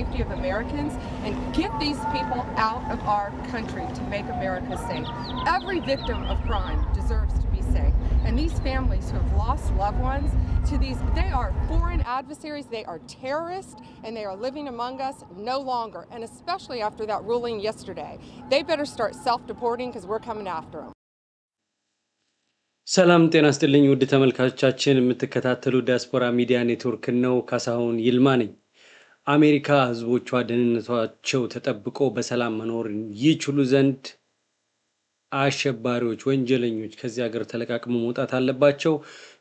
safety of Americans and get these people out of our country to make America safe. Every victim of crime deserves to be safe. And these families who have lost loved ones to these, they are foreign adversaries, they are terrorists, and they are living among us no longer. And especially after that ruling yesterday, they better start self-deporting because we're coming after them. ሰላም ጤና ስጥልኝ ውድ ተመልካቾቻችን፣ የምትከታተሉ ዲያስፖራ ሚዲያ ኔትወርክ ነው። ካሳሁን ይልማ ነኝ። አሜሪካ ህዝቦቿ ደህንነታቸው ተጠብቆ በሰላም መኖር ይችሉ ዘንድ አሸባሪዎች፣ ወንጀለኞች ከዚህ ሀገር ተለቃቅሞ መውጣት አለባቸው።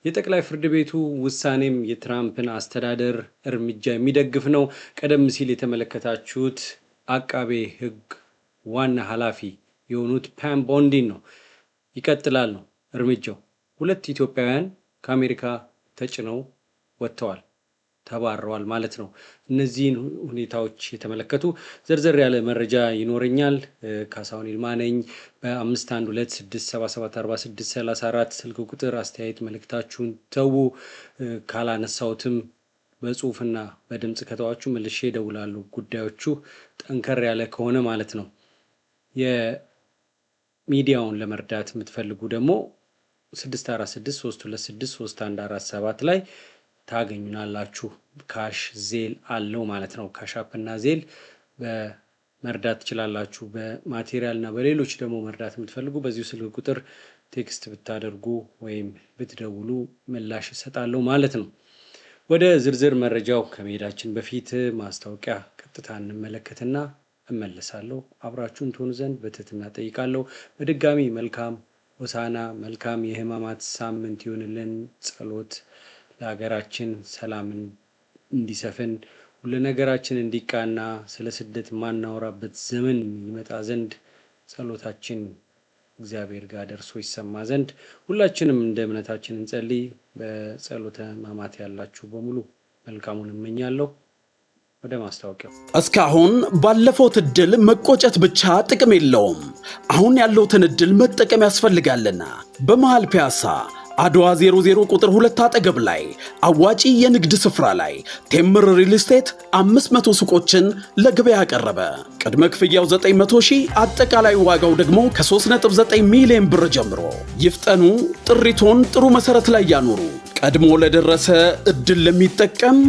የጠቅላይ ፍርድ ቤቱ ውሳኔም የትራምፕን አስተዳደር እርምጃ የሚደግፍ ነው። ቀደም ሲል የተመለከታችሁት አቃቤ ህግ ዋና ኃላፊ የሆኑት ፓም ቦንዲን ነው። ይቀጥላል ነው እርምጃው። ሁለት ኢትዮጵያውያን ከአሜሪካ ተጭነው ወጥተዋል። ተባረዋል ማለት ነው። እነዚህን ሁኔታዎች የተመለከቱ ዘርዘር ያለ መረጃ ይኖረኛል። ካሳሁን ይልማ ነኝ። በአምስት አንድ ሁለት ስድስት ሰባ ሰባት አርባ ስድስት ሰላሳ አራት ስልክ ቁጥር አስተያየት መልእክታችሁን ተዉ። ካላነሳሁትም በጽሁፍና በድምፅ ከተዋችሁ መልሼ ደውላሉ ጉዳዮቹ ጠንከር ያለ ከሆነ ማለት ነው። የሚዲያውን ለመርዳት የምትፈልጉ ደግሞ ስድስት አራት ስድስት ሶስት ሁለት ስድስት ሶስት አንድ አራት ሰባት ላይ ታገኙናላችሁ። ካሽ ዜል አለው ማለት ነው። ካሻፕ እና ዜል በመርዳት ትችላላችሁ። በማቴሪያል እና በሌሎች ደግሞ መርዳት የምትፈልጉ በዚሁ ስልክ ቁጥር ቴክስት ብታደርጉ ወይም ብትደውሉ ምላሽ እሰጣለሁ ማለት ነው። ወደ ዝርዝር መረጃው ከመሄዳችን በፊት ማስታወቂያ ቀጥታ እንመለከትና እመለሳለሁ። አብራችሁን ትሆኑ ዘንድ በትህትና ጠይቃለሁ። በድጋሚ መልካም ሆሳዕና፣ መልካም የሕማማት ሳምንት ይሆንልን። ጸሎት ለሀገራችን ሰላም እንዲሰፍን ሁሉ ነገራችን እንዲቃና ስለ ስደት ማናወራበት ዘመን ይመጣ ዘንድ ጸሎታችን እግዚአብሔር ጋር ደርሶ ይሰማ ዘንድ ሁላችንም እንደ እምነታችን እንጸልይ። በጸሎተ ሕማማት ያላችሁ በሙሉ መልካሙን እመኛለሁ። ወደ ማስታወቂያው። እስካሁን ባለፈውት እድል መቆጨት ብቻ ጥቅም የለውም። አሁን ያለውትን እድል መጠቀም ያስፈልጋልና በመሃል ፒያሳ አድዋ 00 ቁጥር 2 አጠገብ ላይ አዋጪ የንግድ ስፍራ ላይ ቴምር ሪል ስቴት 500 ሱቆችን ለገበያ ያቀረበ ቅድመ ክፍያው 900 ሺህ፣ አጠቃላይ ዋጋው ደግሞ ከ3.9 ሚሊዮን ብር ጀምሮ። ይፍጠኑ! ጥሪቶን ጥሩ መሰረት ላይ ያኖሩ። ቀድሞ ለደረሰ እድል ለሚጠቀም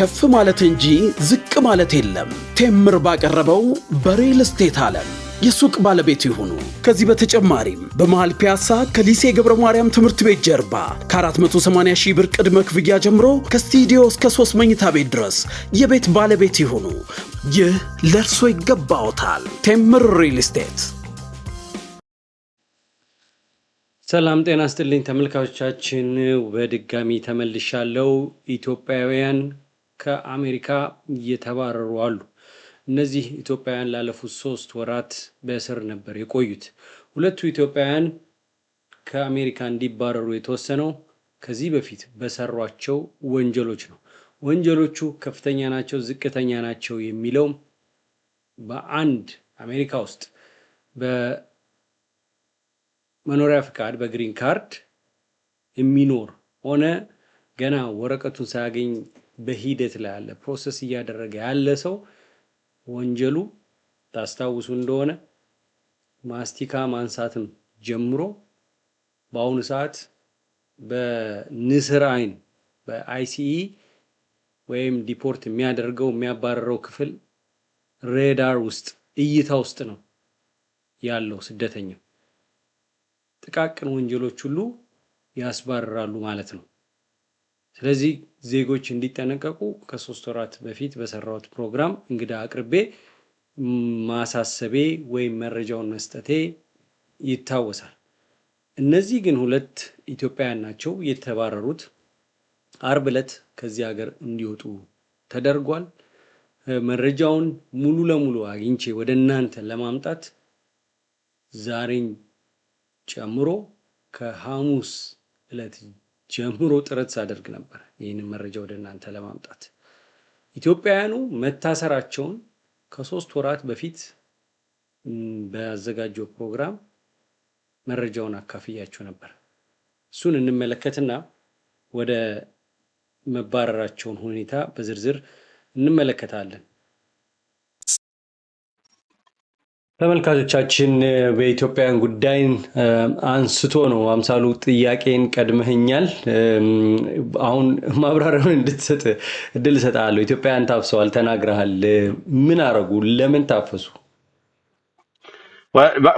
ከፍ ማለት እንጂ ዝቅ ማለት የለም። ቴምር ባቀረበው በሪል ስቴት አለም የሱቅ ባለቤት ይሁኑ። ከዚህ በተጨማሪም በመሃል ፒያሳ ከሊሴ ገብረ ማርያም ትምህርት ቤት ጀርባ ከ480 ሺህ ብር ቅድመ ክፍያ ጀምሮ ከስቱዲዮ እስከ ሶስት መኝታ ቤት ድረስ የቤት ባለቤት ይሁኑ። ይህ ለእርሶ ይገባዎታል። ቴምር ሪል ስቴት። ሰላም ጤና ስጥልኝ ተመልካቾቻችን፣ በድጋሚ ተመልሻለው። ኢትዮጵያውያን ከአሜሪካ እየተባረሩ አሉ። እነዚህ ኢትዮጵያውያን ላለፉት ሶስት ወራት በእስር ነበር የቆዩት። ሁለቱ ኢትዮጵያውያን ከአሜሪካ እንዲባረሩ የተወሰነው ከዚህ በፊት በሰሯቸው ወንጀሎች ነው። ወንጀሎቹ ከፍተኛ ናቸው፣ ዝቅተኛ ናቸው የሚለው በአንድ አሜሪካ ውስጥ በመኖሪያ ፍቃድ በግሪን ካርድ የሚኖር ሆነ ገና ወረቀቱን ሳያገኝ በሂደት ላይ ያለ ፕሮሰስ እያደረገ ያለ ሰው ወንጀሉ ታስታውሱ እንደሆነ ማስቲካ ማንሳትም ጀምሮ በአሁኑ ሰዓት በንስር አይን በአይሲኢ ወይም ዲፖርት የሚያደርገው የሚያባረረው ክፍል ሬዳር ውስጥ እይታ ውስጥ ነው ያለው ስደተኛ። ጥቃቅን ወንጀሎች ሁሉ ያስባርራሉ ማለት ነው። ስለዚህ ዜጎች እንዲጠነቀቁ ከሶስት ወራት በፊት በሰራሁት ፕሮግራም እንግዳ አቅርቤ ማሳሰቤ ወይም መረጃውን መስጠቴ ይታወሳል። እነዚህ ግን ሁለት ኢትዮጵያውያን ናቸው የተባረሩት። አርብ ዕለት ከዚህ ሀገር እንዲወጡ ተደርጓል። መረጃውን ሙሉ ለሙሉ አግኝቼ ወደ እናንተ ለማምጣት ዛሬን ጨምሮ ከሐሙስ ዕለት ጀምሮ ጥረት ሳደርግ ነበር ይህንን መረጃ ወደ እናንተ ለማምጣት። ኢትዮጵያውያኑ መታሰራቸውን ከሶስት ወራት በፊት በዘጋጀው ፕሮግራም መረጃውን አካፍያቸው ነበር። እሱን እንመለከትና ወደ መባረራቸውን ሁኔታ በዝርዝር እንመለከታለን። ተመልካቾቻችን በኢትዮጵያውያን ጉዳይን አንስቶ ነው አምሳሉ ጥያቄን ቀድመህኛል። አሁን ማብራሪያውን እንድትሰጥ እድል እሰጥሃለሁ። ኢትዮጵያውያን ታፍሰዋል ተናግረሃል። ምን አረጉ? ለምን ታፈሱ?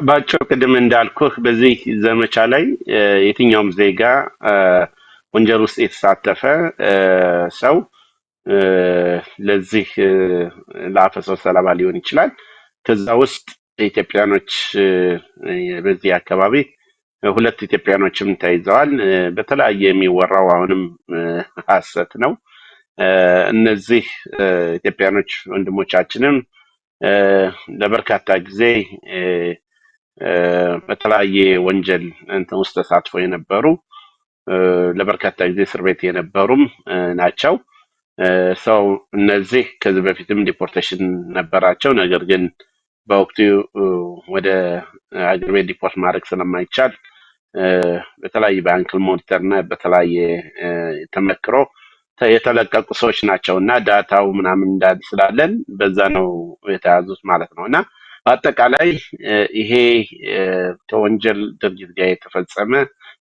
ባጭሩ ቅድም እንዳልኩህ በዚህ ዘመቻ ላይ የትኛውም ዜጋ ወንጀል ውስጥ የተሳተፈ ሰው ለዚህ ለአፈሰው ሰለባ ሊሆን ይችላል። ከዛ ውስጥ ኢትዮጵያኖች በዚህ አካባቢ ሁለት ኢትዮጵያኖችም ተይዘዋል። በተለያየ የሚወራው አሁንም ሀሰት ነው። እነዚህ ኢትዮጵያኖች ወንድሞቻችንም ለበርካታ ጊዜ በተለያየ ወንጀል እንትን ውስጥ ተሳትፎ የነበሩ ለበርካታ ጊዜ እስር ቤት የነበሩም ናቸው። ሰው እነዚህ ከዚህ በፊትም ዲፖርቴሽን ነበራቸው ነገር ግን በወቅቱ ወደ አገር ቤት ሪፖርት ማድረግ ስለማይቻል በተለያየ በአንክል ሞኒተር እና በተለያየ ተመክሮ የተለቀቁ ሰዎች ናቸው እና ዳታው ምናምን እንዳል ስላለን በዛ ነው የተያዙት ማለት ነው እና በአጠቃላይ ይሄ ከወንጀል ድርጅት ጋር የተፈጸመ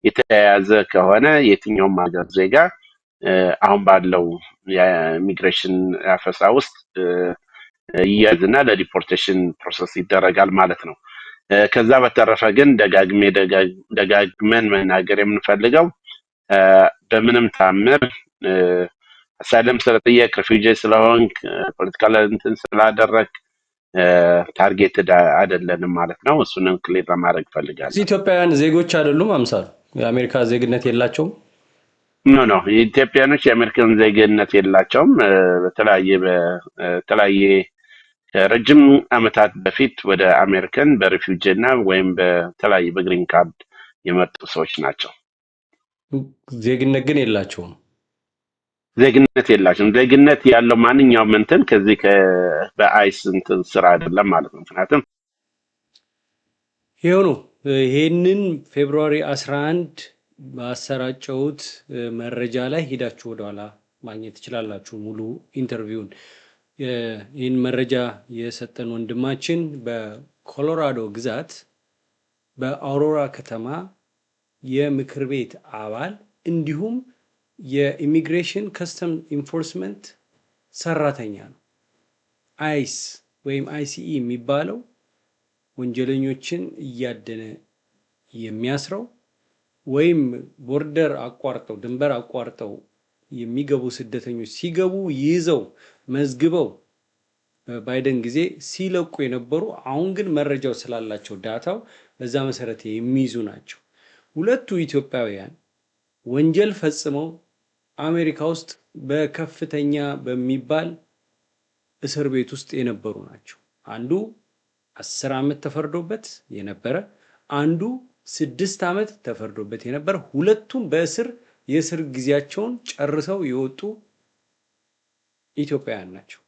የተያያዘ ከሆነ የትኛውም ሀገር ዜጋ አሁን ባለው የኢሚግሬሽን አፈሳ ውስጥ ይያዝና ለዲፖርቴሽን ፕሮሰስ ይደረጋል ማለት ነው። ከዛ በተረፈ ግን ደጋግሜ ደጋግመን መናገር የምንፈልገው በምንም ታምር አሳይለም ስለጠየቅ ሪፊውጂ ስለሆንክ ፖለቲካል እንትን ስላደረግ ታርጌትድ አይደለንም ማለት ነው። እሱንም ክሊር ለማድረግ ፈልጋለሁ። ኢትዮጵያውያን ዜጎች አይደሉም። አምሳሉ የአሜሪካ ዜግነት የላቸውም። ኖ ኖ የኢትዮጵያኖች የአሜሪካን ዜግነት የላቸውም። በተለያየ በተለያየ ረጅም ዓመታት በፊት ወደ አሜሪካን በሪፊውጂ እና ወይም በተለያየ በግሪን ካርድ የመጡ ሰዎች ናቸው። ዜግነት ግን የላቸውም። ዜግነት የላቸውም። ዜግነት ያለው ማንኛውም እንትን ከዚህ በአይስ እንትን ስራ አይደለም ማለት ነው። ምክንያቱም ይኸው ነው። ይሄንን አስራ 11 ባሰራጨውት መረጃ ላይ ሄዳችሁ ወደኋላ ማግኘት ትችላላችሁ ሙሉ ኢንተርቪውን። ይህን መረጃ የሰጠን ወንድማችን በኮሎራዶ ግዛት በአውሮራ ከተማ የምክር ቤት አባል እንዲሁም የኢሚግሬሽን ከስተም ኢንፎርስመንት ሰራተኛ ነው። አይስ ወይም አይሲኢ የሚባለው ወንጀለኞችን እያደነ የሚያስረው ወይም ቦርደር አቋርጠው ድንበር አቋርጠው የሚገቡ ስደተኞች ሲገቡ ይዘው መዝግበው በባይደን ጊዜ ሲለቁ የነበሩ አሁን ግን መረጃው ስላላቸው ዳታው በዛ መሰረት የሚይዙ ናቸው። ሁለቱ ኢትዮጵያውያን ወንጀል ፈጽመው አሜሪካ ውስጥ በከፍተኛ በሚባል እስር ቤት ውስጥ የነበሩ ናቸው። አንዱ አስር ዓመት ተፈርዶበት የነበረ አንዱ ስድስት ዓመት ተፈርዶበት የነበር ሁለቱም በእስር የእስር ጊዜያቸውን ጨርሰው የወጡ ኢትዮጵያውያን ናቸው።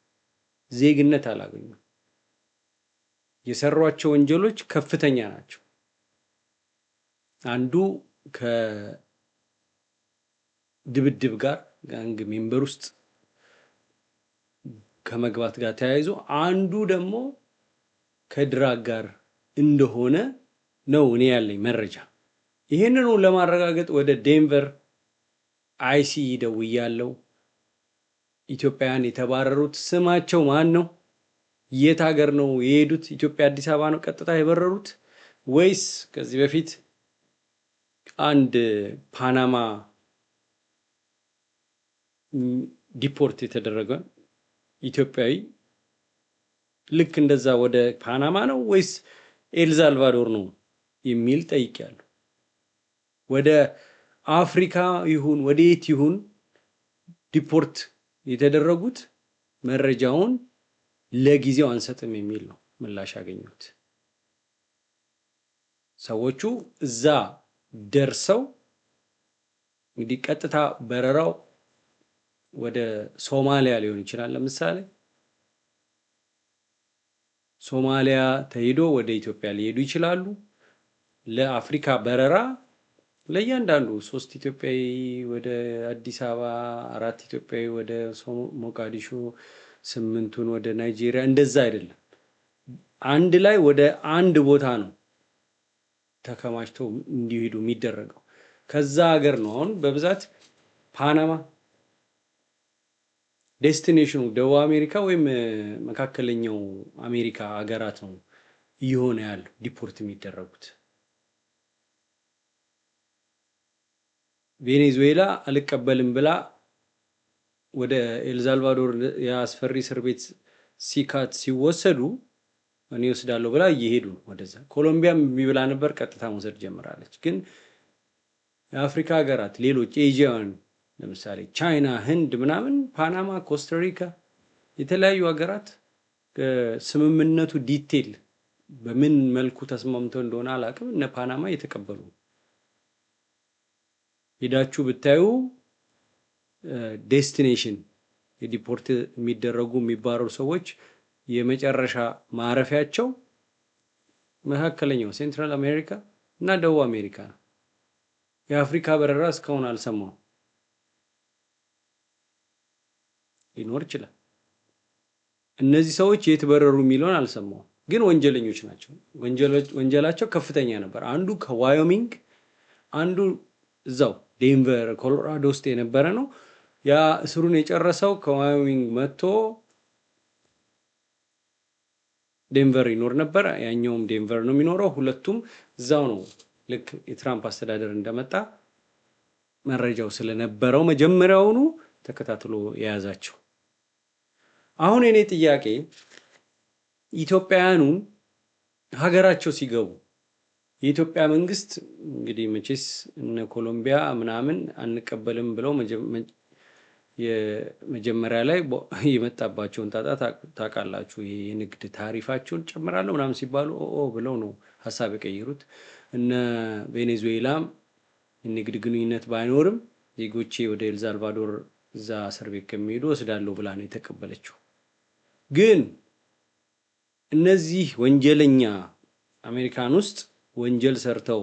ዜግነት አላገኙም። የሰሯቸው ወንጀሎች ከፍተኛ ናቸው። አንዱ ከድብድብ ጋር ጋንግ ሜምበር ውስጥ ከመግባት ጋር ተያይዞ፣ አንዱ ደግሞ ከድራግ ጋር እንደሆነ ነው እኔ ያለኝ መረጃ። ይህንኑ ለማረጋገጥ ወደ ዴንቨር ደው እያለው ኢትዮጵያውያን የተባረሩት ስማቸው ማን ነው? የት ሀገር ነው የሄዱት? ኢትዮጵያ አዲስ አበባ ነው ቀጥታ የበረሩት ወይስ ከዚህ በፊት አንድ ፓናማ ዲፖርት የተደረገ ኢትዮጵያዊ ልክ እንደዛ ወደ ፓናማ ነው ወይስ ኤልዛልቫዶር ነው የሚል ጠይቄያለሁ። ወደ አፍሪካ ይሁን ወደ የት ይሁን ዲፖርት የተደረጉት መረጃውን ለጊዜው አንሰጥም የሚል ነው ምላሽ ያገኙት። ሰዎቹ እዛ ደርሰው እንግዲህ ቀጥታ በረራው ወደ ሶማሊያ ሊሆን ይችላል። ለምሳሌ ሶማሊያ ተሄዶ ወደ ኢትዮጵያ ሊሄዱ ይችላሉ። ለአፍሪካ በረራ ለእያንዳንዱ ሶስት ኢትዮጵያዊ ወደ አዲስ አበባ፣ አራት ኢትዮጵያዊ ወደ ሞቃዲሾ፣ ስምንቱን ወደ ናይጄሪያ፣ እንደዛ አይደለም። አንድ ላይ ወደ አንድ ቦታ ነው ተከማችተው እንዲሄዱ የሚደረገው። ከዛ ሀገር ነው አሁን በብዛት ፓናማ ዴስቲኔሽኑ ደቡብ አሜሪካ ወይም መካከለኛው አሜሪካ ሀገራት ነው እየሆነ ያለው ዲፖርት የሚደረጉት። ቬኔዙዌላ አልቀበልም ብላ ወደ ኤልሳልቫዶር የአስፈሪ እስር ቤት ሲካት ሲወሰዱ እኔ ወስዳለሁ ብላ እየሄዱ ወደዛ። ኮሎምቢያም የሚብላ ነበር ቀጥታ መውሰድ ጀምራለች። ግን የአፍሪካ ሀገራት ሌሎች ኤዥያውያን ለምሳሌ ቻይና፣ ህንድ ምናምን፣ ፓናማ፣ ኮስታሪካ የተለያዩ ሀገራት ስምምነቱ ዲቴል በምን መልኩ ተስማምተው እንደሆነ አላውቅም። እነ ፓናማ የተቀበሉ ሄዳችሁ ብታዩ ዴስቲኔሽን የዲፖርት የሚደረጉ የሚባረሩ ሰዎች የመጨረሻ ማረፊያቸው መካከለኛው ሴንትራል አሜሪካ እና ደቡብ አሜሪካ ነው። የአፍሪካ በረራ እስካሁን አልሰማው ሊኖር ይችላል። እነዚህ ሰዎች የት በረሩ የሚለውን አልሰማውም፣ ግን ወንጀለኞች ናቸው። ወንጀላቸው ከፍተኛ ነበር። አንዱ ከዋዮሚንግ አንዱ እዛው ዴንቨር ኮሎራዶ ውስጥ የነበረ ነው። ያ እስሩን የጨረሰው ከዋዮሚንግ መጥቶ ዴንቨር ይኖር ነበረ። ያኛውም ዴንቨር ነው የሚኖረው። ሁለቱም እዛው ነው። ልክ የትራምፕ አስተዳደር እንደመጣ መረጃው ስለነበረው መጀመሪያውኑ ተከታትሎ የያዛቸው። አሁን የኔ ጥያቄ ኢትዮጵያውያኑን ሀገራቸው ሲገቡ የኢትዮጵያ መንግስት እንግዲህ መቼስ እነ ኮሎምቢያ ምናምን አንቀበልም ብለው የመጀመሪያ ላይ የመጣባቸውን ጣጣ ታውቃላችሁ። የንግድ ታሪፋቸውን ጨምራለሁ ምናምን ሲባሉ ኦ ብለው ነው ሀሳብ የቀየሩት። እነ ቬኔዙዌላም የንግድ ግንኙነት ባይኖርም ዜጎቼ ወደ ኤልሳልቫዶር እዛ እስር ቤት ከሚሄዱ ወስዳለሁ ብላ ነው የተቀበለችው። ግን እነዚህ ወንጀለኛ አሜሪካን ውስጥ ወንጀል ሰርተው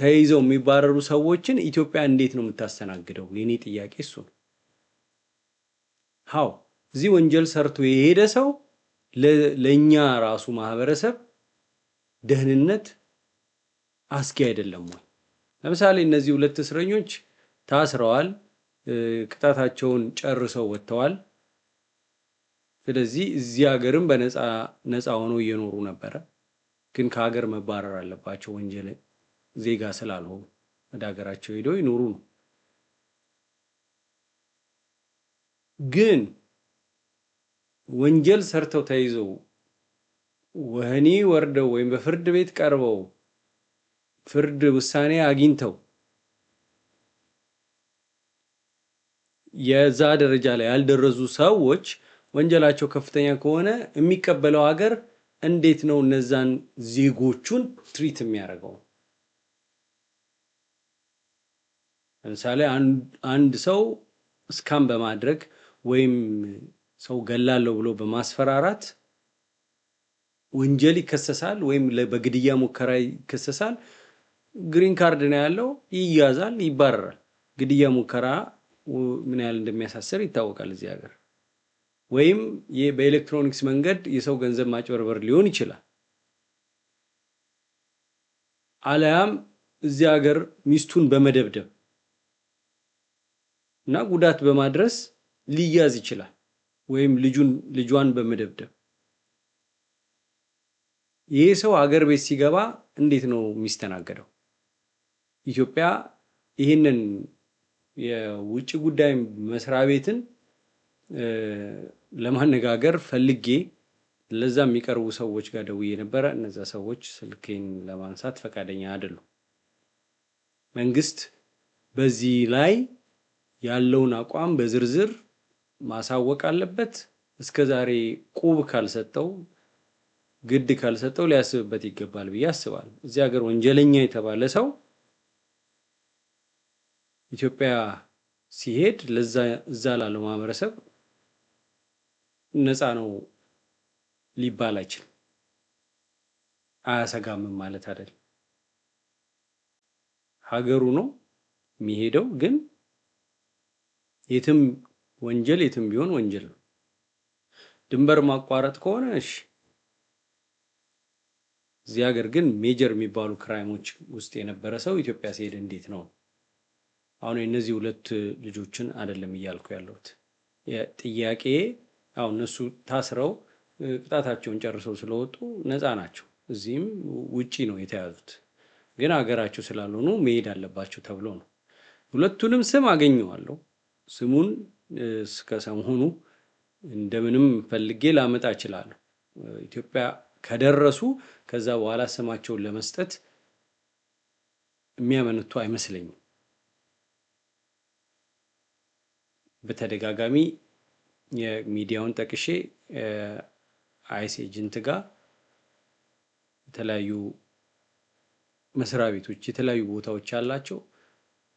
ተይዘው የሚባረሩ ሰዎችን ኢትዮጵያ እንዴት ነው የምታስተናግደው? የኔ ጥያቄ እሱ ነው። ሀው እዚህ ወንጀል ሰርቶ የሄደ ሰው ለእኛ ራሱ ማህበረሰብ ደህንነት አስጊ አይደለም ወይ? ለምሳሌ እነዚህ ሁለት እስረኞች ታስረዋል፣ ቅጣታቸውን ጨርሰው ወጥተዋል። ስለዚህ እዚህ ሀገርም በነፃ ነፃ ሆነው እየኖሩ ነበረ። ግን ከሀገር መባረር አለባቸው ወንጀል ዜጋ ስላልሆኑ ወደ ሀገራቸው ሄደው ይኖሩ ነው። ግን ወንጀል ሰርተው ተይዘው ወህኒ ወርደው ወይም በፍርድ ቤት ቀርበው ፍርድ ውሳኔ አግኝተው የዛ ደረጃ ላይ ያልደረሱ ሰዎች ወንጀላቸው ከፍተኛ ከሆነ የሚቀበለው ሀገር እንዴት ነው እነዛን ዜጎቹን ትሪት የሚያደርገው? ለምሳሌ አንድ ሰው እስካም በማድረግ ወይም ሰው ገላለሁ ብሎ በማስፈራራት ወንጀል ይከሰሳል፣ ወይም በግድያ ሙከራ ይከሰሳል። ግሪን ካርድ ነው ያለው፣ ይያዛል፣ ይባረራል። ግድያ ሙከራ ምን ያህል እንደሚያሳስር ይታወቃል እዚህ ሀገር። ወይም በኤሌክትሮኒክስ መንገድ የሰው ገንዘብ ማጭበርበር ሊሆን ይችላል። አለያም እዚህ ሀገር ሚስቱን በመደብደብ እና ጉዳት በማድረስ ሊያዝ ይችላል። ወይም ልጁን ልጇን በመደብደብ ይህ ሰው ሀገር ቤት ሲገባ እንዴት ነው የሚስተናገደው? ኢትዮጵያ ይህንን የውጭ ጉዳይ መስሪያ ቤትን ለማነጋገር ፈልጌ ለዛ የሚቀርቡ ሰዎች ጋር ደውዬ ነበረ። እነዛ ሰዎች ስልኬን ለማንሳት ፈቃደኛ አይደሉም። መንግስት በዚህ ላይ ያለውን አቋም በዝርዝር ማሳወቅ አለበት። እስከ ዛሬ ቁብ ካልሰጠው ግድ ካልሰጠው ሊያስብበት ይገባል ብዬ አስባል እዚህ ሀገር ወንጀለኛ የተባለ ሰው ኢትዮጵያ ሲሄድ ለዛ እዛ ላለው ማህበረሰብ ነፃ ነው ሊባል አይችልም። አያሰጋምም ማለት አይደለም። ሀገሩ ነው የሚሄደው፣ ግን የትም ወንጀል የትም ቢሆን ወንጀል ነው። ድንበር ማቋረጥ ከሆነ እሺ። እዚህ ሀገር ግን ሜጀር የሚባሉ ክራይሞች ውስጥ የነበረ ሰው ኢትዮጵያ ሲሄድ እንዴት ነው? አሁን የእነዚህ ሁለት ልጆችን አይደለም እያልኩ ያለሁት ጥያቄ አሁን እነሱ ታስረው ቅጣታቸውን ጨርሰው ስለወጡ ነፃ ናቸው። እዚህም ውጪ ነው የተያዙት፣ ግን ሀገራቸው ስላልሆኑ መሄድ አለባቸው ተብሎ ነው። ሁለቱንም ስም አገኘዋለሁ። ስሙን እስከ ሰሞኑ እንደምንም ፈልጌ ላመጣ እችላለሁ። ኢትዮጵያ ከደረሱ ከዛ በኋላ ስማቸውን ለመስጠት የሚያመነቱ አይመስለኝም። በተደጋጋሚ የሚዲያውን ጠቅሼ አይስ ኤጀንት ጋር የተለያዩ መስሪያ ቤቶች የተለያዩ ቦታዎች ያላቸው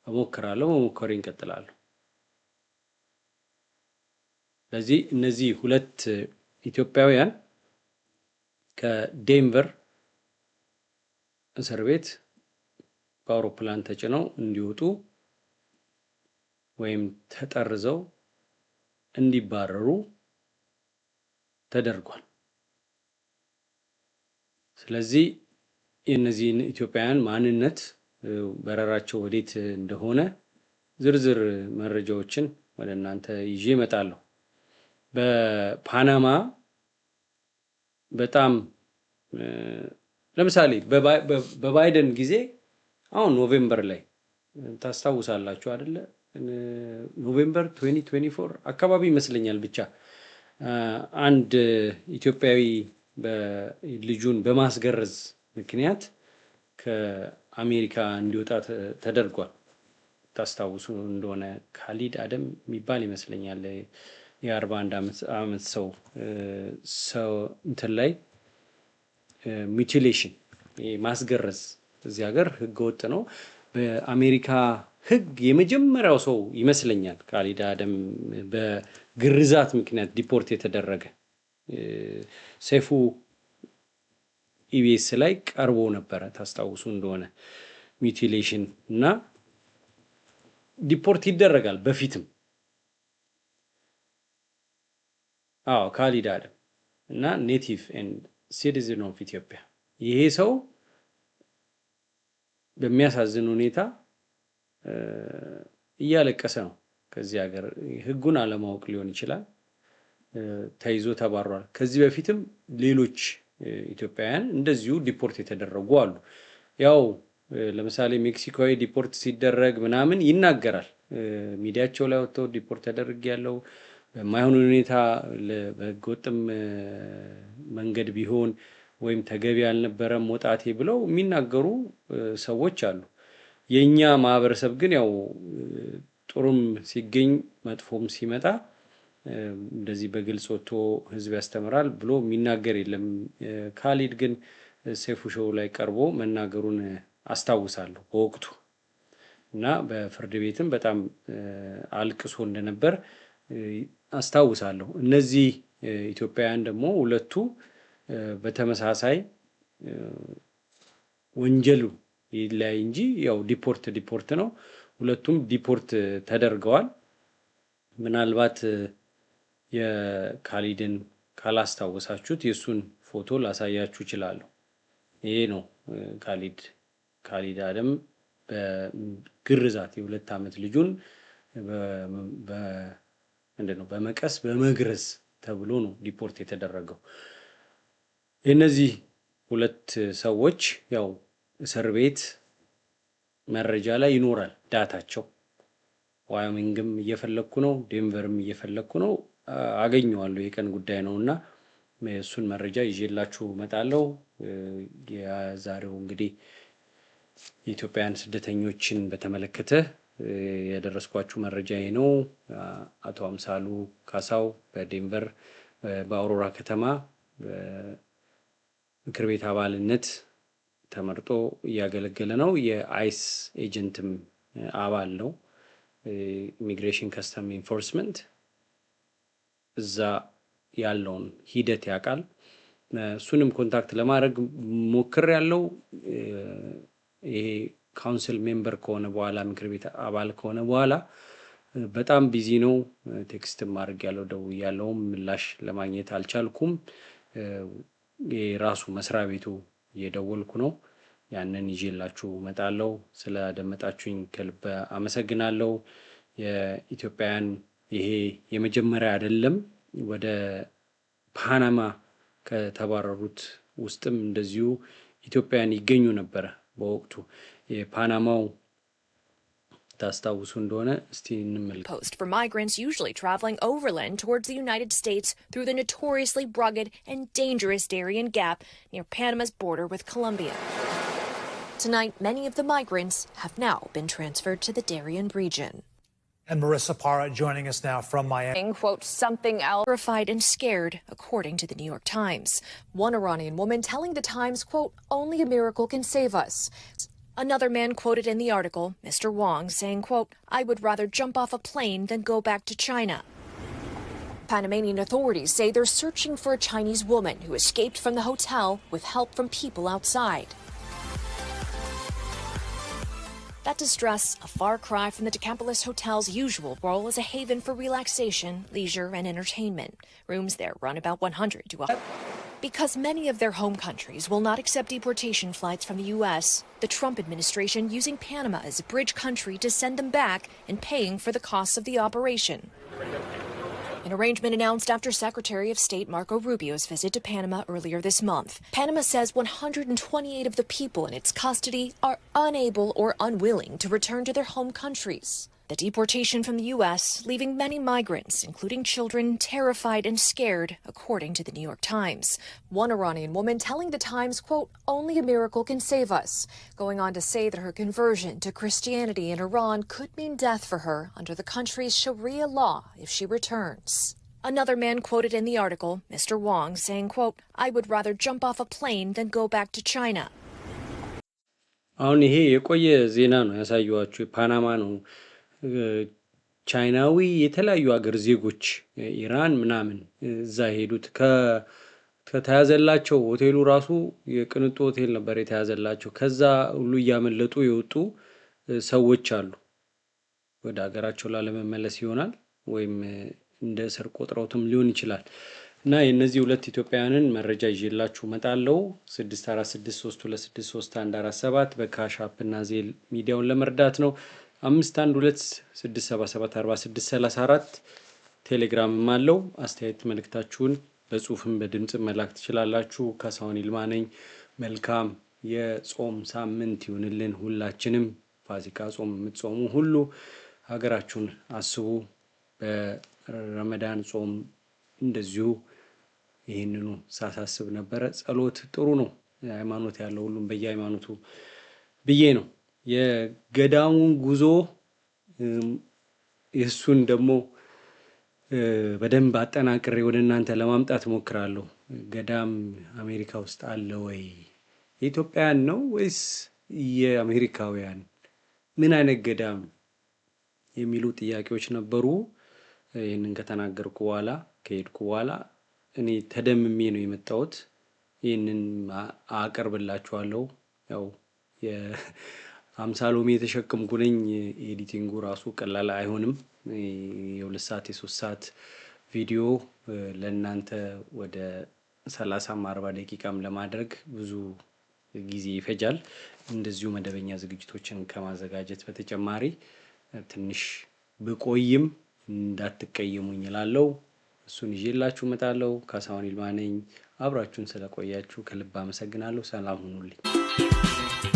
እሞክራለሁ፣ መሞከሬ እንቀጥላለሁ። ስለዚህ እነዚህ ሁለት ኢትዮጵያውያን ከዴንቨር እስር ቤት በአውሮፕላን ተጭነው እንዲወጡ ወይም ተጠርዘው እንዲባረሩ ተደርጓል። ስለዚህ የእነዚህን ኢትዮጵያውያን ማንነት፣ በረራቸው ወዴት እንደሆነ ዝርዝር መረጃዎችን ወደ እናንተ ይዤ እመጣለሁ። በፓናማ በጣም ለምሳሌ በባይደን ጊዜ አሁን ኖቬምበር ላይ ታስታውሳላችሁ አደለ? ኖቬምበር 2024 አካባቢ ይመስለኛል ብቻ አንድ ኢትዮጵያዊ ልጁን በማስገረዝ ምክንያት ከአሜሪካ እንዲወጣ ተደርጓል። ታስታውሱ እንደሆነ ካሊድ አደም የሚባል ይመስለኛል የአርባ አንድ ዓመት ሰው ሰው እንትን ላይ ሚቲሌሽን ማስገረዝ እዚህ ሀገር ህገወጥ ነው። በአሜሪካ ህግ የመጀመሪያው ሰው ይመስለኛል ካሊድ አደም በግርዛት ምክንያት ዲፖርት የተደረገ። ሰይፉ ኢቢኤስ ላይ ቀርቦ ነበረ ታስታውሱ እንደሆነ ሚቲሌሽን እና ዲፖርት ይደረጋል በፊትም። አዎ ካሊድ አደም እና ኔቲቭ ኤንድ ሲቲዝን ኦፍ ኢትዮጵያ ይሄ ሰው በሚያሳዝን ሁኔታ እያለቀሰ ነው። ከዚህ ሀገር ህጉን አለማወቅ ሊሆን ይችላል ተይዞ ተባሯል። ከዚህ በፊትም ሌሎች ኢትዮጵያውያን እንደዚሁ ዲፖርት የተደረጉ አሉ። ያው ለምሳሌ ሜክሲኮዊ ዲፖርት ሲደረግ ምናምን ይናገራል ሚዲያቸው ላይ ወጥተው ዲፖርት ተደርግ ያለው በማይሆን ሁኔታ በህገወጥም መንገድ ቢሆን ወይም ተገቢ አልነበረም መውጣቴ ብለው የሚናገሩ ሰዎች አሉ። የእኛ ማህበረሰብ ግን ያው ጥሩም ሲገኝ መጥፎም ሲመጣ እንደዚህ በግልጽ ወጥቶ ህዝብ ያስተምራል ብሎ የሚናገር የለም። ካሊድ ግን ሰይፉ ሾው ላይ ቀርቦ መናገሩን አስታውሳለሁ በወቅቱ እና በፍርድ ቤትም በጣም አልቅሶ እንደነበር አስታውሳለሁ። እነዚህ ኢትዮጵያውያን ደግሞ ሁለቱ በተመሳሳይ ወንጀሉ ይለያይ እንጂ ያው ዲፖርት ዲፖርት ነው። ሁለቱም ዲፖርት ተደርገዋል። ምናልባት የካሊድን ካላስታወሳችሁት የእሱን ፎቶ ላሳያችሁ እችላለሁ። ይሄ ነው ካሊድ ካሊድ አደም በግርዛት የሁለት ዓመት ልጁን ምንድነው በመቀስ በመግረዝ ተብሎ ነው ዲፖርት የተደረገው። የእነዚህ ሁለት ሰዎች ያው እስር ቤት መረጃ ላይ ይኖራል ዳታቸው። ዋዮሚንግም እየፈለግኩ ነው፣ ዴንቨርም እየፈለግኩ ነው፣ አገኘዋለሁ። የቀን ጉዳይ ነው እና እሱን መረጃ ይዤላችሁ እመጣለሁ። የዛሬው እንግዲህ የኢትዮጵያውያን ስደተኞችን በተመለከተ የደረስኳችሁ መረጃ ይሄ ነው። አቶ አምሳሉ ካሳው በዴንቨር በአውሮራ ከተማ ምክር ቤት አባልነት ተመርጦ እያገለገለ ነው። የአይስ ኤጀንትም አባል ነው። ኢሚግሬሽን ከስተም ኢንፎርስመንት እዛ ያለውን ሂደት ያውቃል። እሱንም ኮንታክት ለማድረግ ሞክር ያለው ይሄ ካውንስል ሜምበር ከሆነ በኋላ ምክር ቤት አባል ከሆነ በኋላ በጣም ቢዚ ነው። ቴክስትም ማድረግ ያለው ደው ያለውም ምላሽ ለማግኘት አልቻልኩም። የራሱ መስሪያ ቤቱ እየደወልኩ ነው። ያንን ይዤላችሁ እመጣለሁ። ስላደመጣችሁኝ ከልብ አመሰግናለሁ። የኢትዮጵያውያን ይሄ የመጀመሪያ አይደለም። ወደ ፓናማ ከተባረሩት ውስጥም እንደዚሁ ኢትዮጵያውያን ይገኙ ነበረ በወቅቱ የፓናማው እንደሆነ እስቲ እንመልከት። Post for migrants usually traveling overland towards the United States through the notoriously rugged and dangerous Darien Gap near Panama's border with Colombia. Tonight, many of the migrants have now been transferred to the Darien region. And Marissa Parra joining us now from Miami. Quote, something else. Terrified and scared, according to the New York Times. One Iranian woman telling the Times, quote, only a miracle can save us. Another man quoted in the article, Mr. Wong, saying, quote, I would rather jump off a plane than go back to China. Panamanian authorities say they're searching for a Chinese woman who escaped from the hotel with help from people outside. That distress, a far cry from the Decapolis Hotel's usual role as a haven for relaxation, leisure, and entertainment. Rooms there run about 100 to 100. Because many of their home countries will not accept deportation flights from the U.S., the Trump administration using Panama as a bridge country to send them back and paying for the costs of the operation. An arrangement announced after Secretary of State Marco Rubio's visit to Panama earlier this month. Panama says 128 of the people in its custody are unable or unwilling to return to their home countries the deportation from the U.S., leaving many migrants, including children, terrified and scared, according to the New York Times. One Iranian woman telling the Times, quote, only a miracle can save us, going on to say that her conversion to Christianity in Iran could mean death for her under the country's Sharia law if she returns. Another man quoted in the article, Mr. Wong, saying, quote, I would rather jump off a plane than go back to China. ቻይናዊ የተለያዩ ሀገር ዜጎች ኢራን ምናምን እዛ ሄዱት ከተያዘላቸው ሆቴሉ ራሱ የቅንጡ ሆቴል ነበር የተያዘላቸው። ከዛ ሁሉ እያመለጡ የወጡ ሰዎች አሉ። ወደ ሀገራቸው ላለመመለስ ይሆናል ወይም እንደ እስር ቆጥረውትም ሊሆን ይችላል። እና የእነዚህ ሁለት ኢትዮጵያውያንን መረጃ ይዤላችሁ እመጣለሁ። 64632631447 በካሽ አፕ እና ዜል ሚዲያውን ለመርዳት ነው። አምስት አንድ ሁለት ስድስት ሰባ ሰባት አርባ ስድስት ሰላሳ አራት ቴሌግራምም አለው። አስተያየት መልእክታችሁን በጽሁፍም በድምፅ መላክ ትችላላችሁ። ካሳሁን ይልማ ነኝ። መልካም የጾም ሳምንት ይሁንልን። ሁላችንም ፋሲካ ጾም የምትጾሙ ሁሉ ሀገራችሁን አስቡ። በረመዳን ጾም እንደዚሁ ይህንኑ ሳሳስብ ነበረ። ጸሎት ጥሩ ነው። ሃይማኖት ያለው ሁሉም በየሃይማኖቱ ብዬ ነው። የገዳሙን ጉዞ እሱን ደግሞ በደንብ አጠናቅሬ ወደ እናንተ ለማምጣት እሞክራለሁ። ገዳም አሜሪካ ውስጥ አለ ወይ? የኢትዮጵያውያን ነው ወይስ የአሜሪካውያን? ምን አይነት ገዳም የሚሉ ጥያቄዎች ነበሩ። ይህንን ከተናገርኩ በኋላ ከሄድኩ በኋላ እኔ ተደምሜ ነው የመጣሁት። ይህንን አቀርብላችኋለሁ ያው አምሳ ሎሚ የተሸከምኩ ነኝ። ኤዲቲንጉ ራሱ ቀላል አይሆንም። የሁለት ሰዓት የሶስት ሰዓት ቪዲዮ ለእናንተ ወደ ሰላሳም አርባ ደቂቃም ለማድረግ ብዙ ጊዜ ይፈጃል። እንደዚሁ መደበኛ ዝግጅቶችን ከማዘጋጀት በተጨማሪ ትንሽ ብቆይም እንዳትቀየሙኝ እላለሁ። እሱን ይዤላችሁ እመጣለሁ። ካሳሁን ይልማ ነኝ። አብራችሁን ስለቆያችሁ ከልብ አመሰግናለሁ። ሰላም ሁኑልኝ።